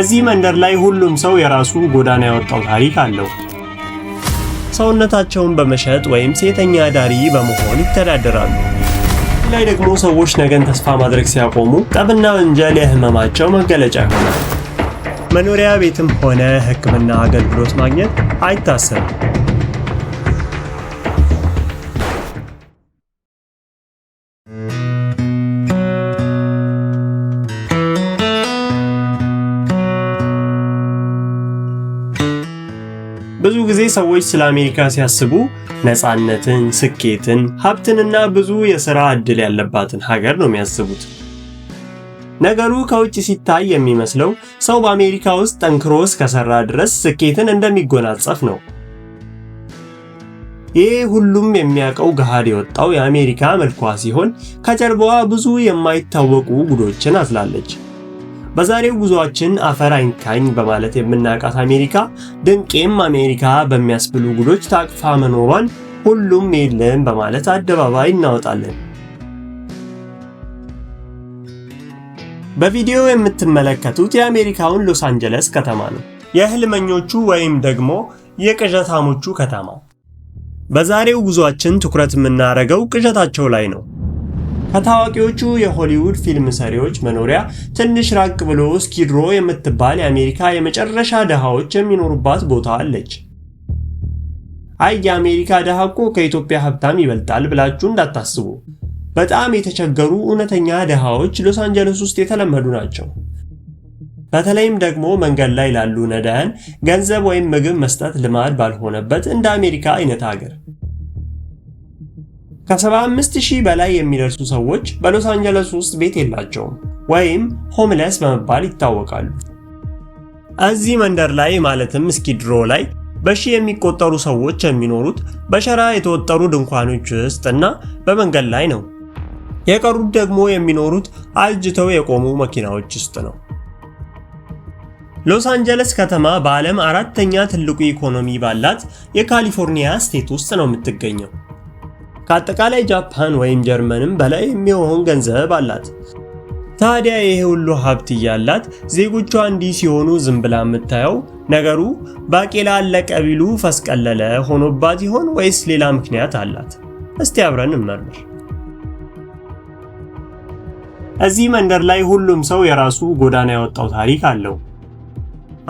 እዚህ መንደር ላይ ሁሉም ሰው የራሱ ጎዳና ያወጣው ታሪክ አለው። ሰውነታቸውን በመሸጥ ወይም ሴተኛ ዳሪ በመሆን ይተዳደራሉ። ላይ ደግሞ ሰዎች ነገን ተስፋ ማድረግ ሲያቆሙ ጠብና ወንጀል የህመማቸው መገለጫ ይሆናል። መኖሪያ ቤትም ሆነ ሕክምና አገልግሎት ማግኘት አይታሰብም። ብዙ ጊዜ ሰዎች ስለ አሜሪካ ሲያስቡ ነፃነትን፣ ስኬትን፣ ሀብትንና ብዙ የሥራ ዕድል ያለባትን ሀገር ነው የሚያስቡት። ነገሩ ከውጭ ሲታይ የሚመስለው ሰው በአሜሪካ ውስጥ ጠንክሮ እስከሠራ ድረስ ስኬትን እንደሚጎናጸፍ ነው። ይህ ሁሉም የሚያውቀው ገሃድ የወጣው የአሜሪካ መልኳ ሲሆን ከጀርባዋ ብዙ የማይታወቁ ጉዶችን አዝላለች። በዛሬው ጉዞአችን አፈር አይንካኝ በማለት የምናውቃት አሜሪካ ድንቄም አሜሪካ በሚያስብሉ ጉዶች ታቅፋ መኖሯን ሁሉም የለም በማለት አደባባይ እናወጣለን። በቪዲዮ የምትመለከቱት የአሜሪካውን ሎስ አንጀለስ ከተማ ነው፣ የህልመኞቹ ወይም ደግሞ የቅዠታሞቹ ከተማ። በዛሬው ጉዞአችን ትኩረት የምናደርገው ቅዠታቸው ላይ ነው። ከታዋቂዎቹ የሆሊውድ ፊልም ሰሪዎች መኖሪያ ትንሽ ራቅ ብሎ ስኪድሮ የምትባል የአሜሪካ የመጨረሻ ድሃዎች የሚኖሩባት ቦታ አለች። አይ የአሜሪካ ድሃ እኮ ከኢትዮጵያ ሀብታም ይበልጣል ብላችሁ እንዳታስቡ። በጣም የተቸገሩ እውነተኛ ድሃዎች ሎስ አንጀለስ ውስጥ የተለመዱ ናቸው። በተለይም ደግሞ መንገድ ላይ ላሉ ነዳያን ገንዘብ ወይም ምግብ መስጠት ልማድ ባልሆነበት እንደ አሜሪካ አይነት ሀገር ከ75000 በላይ የሚደርሱ ሰዎች በሎስ አንጀለስ ውስጥ ቤት የላቸውም ወይም ሆምለስ በመባል ይታወቃሉ። እዚህ መንደር ላይ ማለትም እስኪድሮ ላይ በሺህ የሚቆጠሩ ሰዎች የሚኖሩት በሸራ የተወጠሩ ድንኳኖች ውስጥ እና በመንገድ ላይ ነው። የቀሩት ደግሞ የሚኖሩት አልጅተው የቆሙ መኪናዎች ውስጥ ነው። ሎስ አንጀለስ ከተማ በዓለም አራተኛ ትልቁ ኢኮኖሚ ባላት የካሊፎርኒያ ስቴት ውስጥ ነው የምትገኘው። ከአጠቃላይ ጃፓን ወይም ጀርመንም በላይ የሚሆን ገንዘብ አላት። ታዲያ ይሄ ሁሉ ሀብት እያላት ዜጎቿ እንዲህ ሲሆኑ ዝም ብላ የምታየው ነገሩ ባቄላ አለቀ ቢሉ ፈስቀለለ ሆኖባት ይሆን ወይስ ሌላ ምክንያት አላት? እስቲ አብረን እንመርምር። እዚህ መንደር ላይ ሁሉም ሰው የራሱ ጎዳና ያወጣው ታሪክ አለው።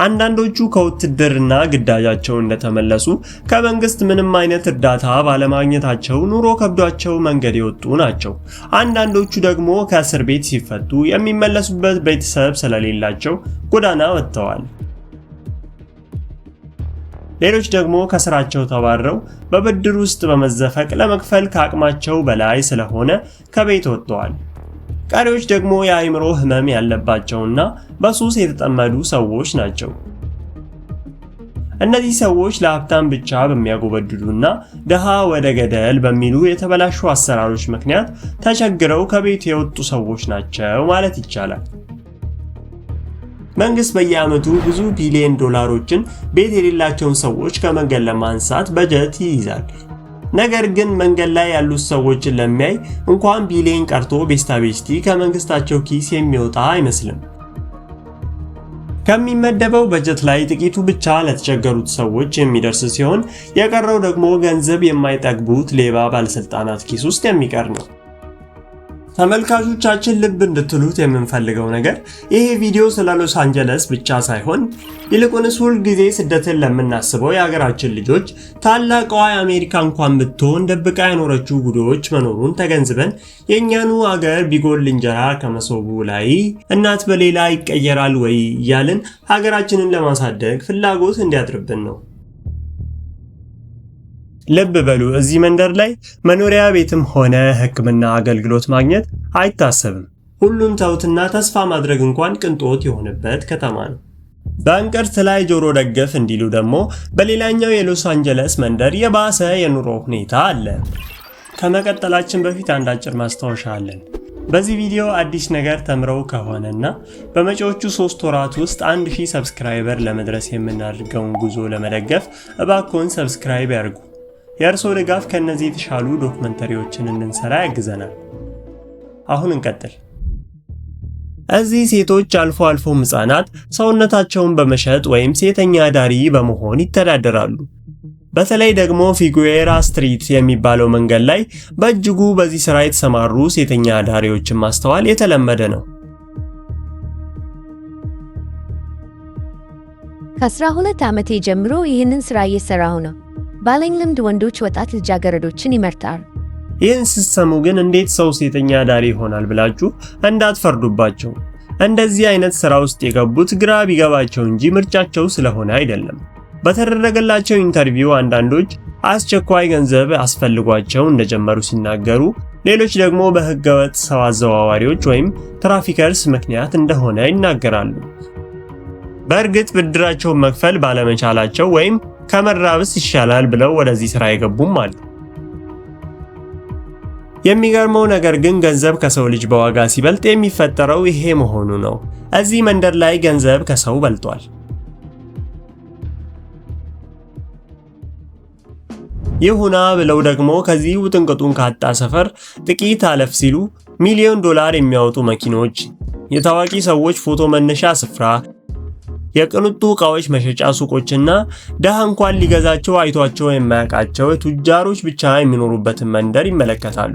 አንዳንዶቹ ከውትድርና ግዳጃቸው እንደተመለሱ ከመንግስት ምንም አይነት እርዳታ ባለማግኘታቸው ኑሮ ከብዷቸው መንገድ የወጡ ናቸው። አንዳንዶቹ ደግሞ ከእስር ቤት ሲፈቱ የሚመለሱበት ቤተሰብ ስለሌላቸው ጎዳና ወጥተዋል። ሌሎች ደግሞ ከስራቸው ተባረው በብድር ውስጥ በመዘፈቅ ለመክፈል ከአቅማቸው በላይ ስለሆነ ከቤት ወጥተዋል። ቀሪዎች ደግሞ የአእምሮ ህመም ያለባቸውና በሱስ የተጠመዱ ሰዎች ናቸው። እነዚህ ሰዎች ለሀብታም ብቻ በሚያጎበድዱና ድሃ ወደ ገደል በሚሉ የተበላሹ አሰራሮች ምክንያት ተቸግረው ከቤት የወጡ ሰዎች ናቸው ማለት ይቻላል። መንግስት በየዓመቱ ብዙ ቢሊዮን ዶላሮችን ቤት የሌላቸውን ሰዎች ከመንገድ ለማንሳት በጀት ይይዛል። ነገር ግን መንገድ ላይ ያሉት ሰዎችን ለሚያይ እንኳን ቢሊየን ቀርቶ ቤስታ ቤስቲ ከመንግስታቸው ኪስ የሚወጣ አይመስልም። ከሚመደበው በጀት ላይ ጥቂቱ ብቻ ለተቸገሩት ሰዎች የሚደርስ ሲሆን የቀረው ደግሞ ገንዘብ የማይጠግቡት ሌባ ባለስልጣናት ኪስ ውስጥ የሚቀር ነው። ተመልካቾቻችን ልብ እንድትሉት የምንፈልገው ነገር ይሄ ቪዲዮ ስለ ሎስ አንጀለስ ብቻ ሳይሆን ይልቁንስ ሁል ጊዜ ስደትን ለምናስበው የሀገራችን ልጆች ታላቋ የአሜሪካ እንኳን ብትሆን ደብቃ የኖረችው ጉዶዎች መኖሩን ተገንዝበን የእኛኑ አገር ቢጎል እንጀራ ከመሶቡ ላይ እናት በሌላ ይቀየራል ወይ እያልን ሀገራችንን ለማሳደግ ፍላጎት እንዲያድርብን ነው። ልብ በሉ እዚህ መንደር ላይ መኖሪያ ቤትም ሆነ ሕክምና አገልግሎት ማግኘት አይታሰብም። ሁሉን ተውትና ተስፋ ማድረግ እንኳን ቅንጦት የሆነበት ከተማ ነው። በእንቅርት ላይ ጆሮ ደገፍ እንዲሉ ደግሞ በሌላኛው የሎስ አንጀለስ መንደር የባሰ የኑሮ ሁኔታ አለ። ከመቀጠላችን በፊት አንድ አጭር ማስታወሻ አለን። በዚህ ቪዲዮ አዲስ ነገር ተምረው ከሆነና በመጪዎቹ ሶስት ወራት ውስጥ 1000 ሰብስክራይበር ለመድረስ የምናደርገውን ጉዞ ለመደገፍ እባክዎን ሰብስክራይብ ያርጉ። የእርስዎ ድጋፍ ከእነዚህ የተሻሉ ዶክመንተሪዎችን እንድንሰራ ያግዘናል። አሁን እንቀጥል። እዚህ ሴቶች አልፎ አልፎም ሕፃናት ሰውነታቸውን በመሸጥ ወይም ሴተኛ ዳሪ በመሆን ይተዳደራሉ። በተለይ ደግሞ ፊጉዌራ ስትሪት የሚባለው መንገድ ላይ በእጅጉ በዚህ ሥራ የተሰማሩ ሴተኛ ዳሪዎችን ማስተዋል የተለመደ ነው። ከ ከ12 ዓመቴ ጀምሮ ይህንን ሥራ እየሠራሁ ነው። ባለኝ ልምድ ወንዶች ወጣት ልጃገረዶችን ይመርጣል። ይህን ስትሰሙ ግን እንዴት ሰው ሴተኛ አዳሪ ይሆናል ብላችሁ እንዳትፈርዱባቸው። እንደዚህ አይነት ሥራ ውስጥ የገቡት ግራ ቢገባቸው እንጂ ምርጫቸው ስለሆነ አይደለም። በተደረገላቸው ኢንተርቪው አንዳንዶች አስቸኳይ ገንዘብ አስፈልጓቸው እንደጀመሩ ሲናገሩ፣ ሌሎች ደግሞ በህገወጥ ሰው አዘዋዋሪዎች ወይም ትራፊከርስ ምክንያት እንደሆነ ይናገራሉ። በእርግጥ ብድራቸውን መክፈል ባለመቻላቸው ወይም ከመራብስ ይሻላል ብለው ወደዚህ ስራ የገቡም አሉ። የሚገርመው ነገር ግን ገንዘብ ከሰው ልጅ በዋጋ ሲበልጥ የሚፈጠረው ይሄ መሆኑ ነው። እዚህ መንደር ላይ ገንዘብ ከሰው በልጧል። ይሁና ብለው ደግሞ ከዚህ ውጥንቅጡን ካጣ ሰፈር ጥቂት አለፍ ሲሉ ሚሊዮን ዶላር የሚያወጡ መኪኖች፣ የታዋቂ ሰዎች ፎቶ መነሻ ስፍራ የቅንጡ እቃዎች መሸጫ ሱቆችና ደሃ እንኳን ሊገዛቸው አይቷቸው የማያውቃቸው ቱጃሮች ብቻ የሚኖሩበትን መንደር ይመለከታሉ።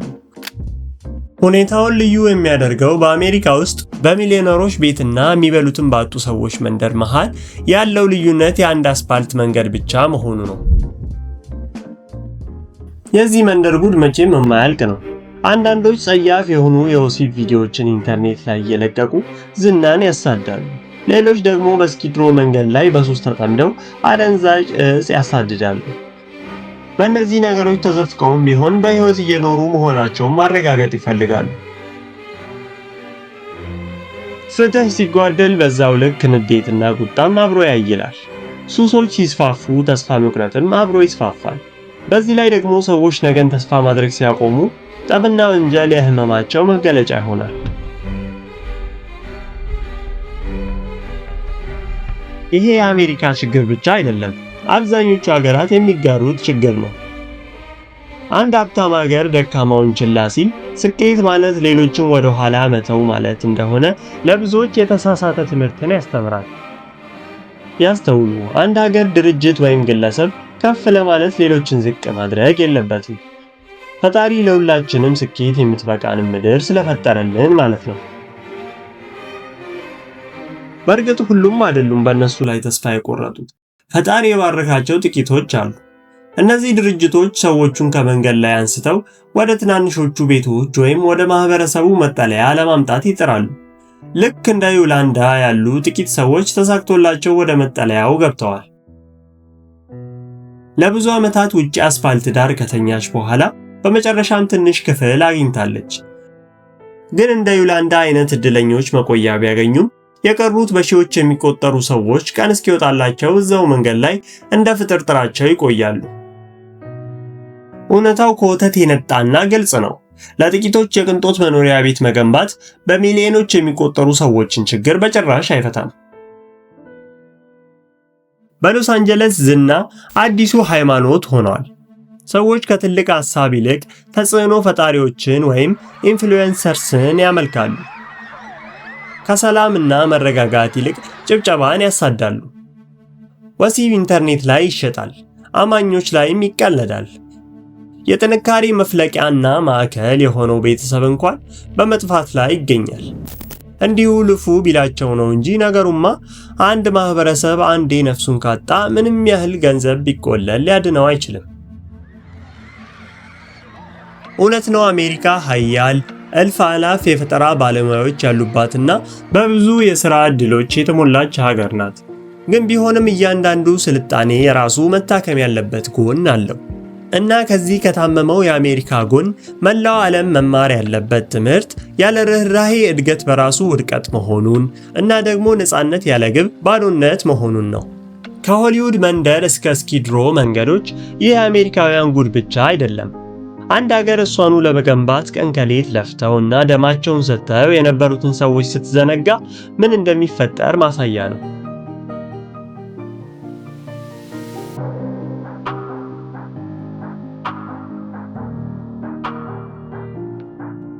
ሁኔታውን ልዩ የሚያደርገው በአሜሪካ ውስጥ በሚሊዮነሮች ቤትና የሚበሉትን ባጡ ሰዎች መንደር መሃል ያለው ልዩነት የአንድ አስፓልት መንገድ ብቻ መሆኑ ነው። የዚህ መንደር ጉድ መቼም የማያልቅ ነው። አንዳንዶች ጸያፍ የሆኑ የወሲብ ቪዲዮዎችን ኢንተርኔት ላይ እየለቀቁ ዝናን ያሳዳሉ። ሌሎች ደግሞ በስኪድሮ መንገድ ላይ በሱስ ተጠምደው አደንዛዥ እጽ ያሳድዳሉ። በእነዚህ ነገሮች ተዘፍቀውም ቢሆን በህይወት እየኖሩ መሆናቸውን ማረጋገጥ ይፈልጋሉ። ፍትህ ሲጓደል በዛው ልክ ንዴትና ቁጣም አብሮ ያይላል። ሱሶች ሲስፋፉ ተስፋ መቁረጥም አብሮ ይስፋፋል። በዚህ ላይ ደግሞ ሰዎች ነገን ተስፋ ማድረግ ሲያቆሙ ጠብና ወንጀል የህመማቸው መገለጫ ይሆናል። ይሄ የአሜሪካ ችግር ብቻ አይደለም፣ አብዛኞቹ ሀገራት የሚጋሩት ችግር ነው። አንድ ሀብታም ሀገር ደካማውን ችላ ሲል ስኬት ማለት ሌሎችን ወደ ኋላ መተው ማለት እንደሆነ ለብዙዎች የተሳሳተ ትምህርትን ያስተምራል። ያስተውሉ፣ አንድ ሀገር ድርጅት ወይም ግለሰብ ከፍ ለማለት ሌሎችን ዝቅ ማድረግ የለበትም። ፈጣሪ ለሁላችንም ስኬት የምትበቃንም ምድር ስለፈጠረልን ማለት ነው። በእርግጥ ሁሉም አይደሉም በእነሱ ላይ ተስፋ የቆረጡት። ፈጣሪ የባረካቸው ጥቂቶች አሉ። እነዚህ ድርጅቶች ሰዎቹን ከመንገድ ላይ አንስተው ወደ ትናንሾቹ ቤቶች ወይም ወደ ማህበረሰቡ መጠለያ ለማምጣት ይጥራሉ። ልክ እንደ ዩላንዳ ያሉ ጥቂት ሰዎች ተሳክቶላቸው ወደ መጠለያው ገብተዋል። ለብዙ ዓመታት ውጪ አስፋልት ዳር ከተኛች በኋላ በመጨረሻም ትንሽ ክፍል አግኝታለች። ግን እንደ ዩላንዳ አይነት እድለኞች መቆያ ቢያገኙም የቀሩት በሺዎች የሚቆጠሩ ሰዎች ቀን እስኪወጣላቸው እዛው መንገድ ላይ እንደ ፍጥርጥራቸው ይቆያሉ። እውነታው ከወተት የነጣና ግልጽ ነው። ለጥቂቶች የቅንጦት መኖሪያ ቤት መገንባት በሚሊዮኖች የሚቆጠሩ ሰዎችን ችግር በጭራሽ አይፈታም። በሎስ አንጀለስ ዝና አዲሱ ሃይማኖት ሆኗል። ሰዎች ከትልቅ ሐሳብ ይልቅ ተጽዕኖ ፈጣሪዎችን ወይም ኢንፍሉዌንሰርስን ያመልካሉ። ከሰላምና መረጋጋት ይልቅ ጭብጨባን ያሳዳሉ። ወሲብ ኢንተርኔት ላይ ይሸጣል፣ አማኞች ላይም ይቀለዳል። የጥንካሬ መፍለቂያና ማዕከል የሆነው ቤተሰብ እንኳን በመጥፋት ላይ ይገኛል። እንዲሁ ልፉ ቢላቸው ነው እንጂ ነገሩማ አንድ ማህበረሰብ አንዴ ነፍሱን ካጣ ምንም ያህል ገንዘብ ቢቆለል ሊያድነው አይችልም። እውነት ነው አሜሪካ ኃያል እልፍ አላፍ የፈጠራ ባለሙያዎች ያሉባትና በብዙ የሥራ ዕድሎች የተሞላች ሀገር ናት። ግን ቢሆንም እያንዳንዱ ስልጣኔ የራሱ መታከም ያለበት ጎን አለው እና ከዚህ ከታመመው የአሜሪካ ጎን መላው ዓለም መማር ያለበት ትምህርት ያለ ርኅራሄ እድገት በራሱ ውድቀት መሆኑን እና ደግሞ ነፃነት ያለ ግብ ባዶነት መሆኑን ነው። ከሆሊውድ መንደር እስከ ስኪድሮ መንገዶች ይህ የአሜሪካውያን ጉድ ብቻ አይደለም። አንድ ሀገር እሷኑ ለመገንባት ቀን ከሌት ለፍተውና ደማቸውን ሰጥተው የነበሩትን ሰዎች ስትዘነጋ ምን እንደሚፈጠር ማሳያ ነው።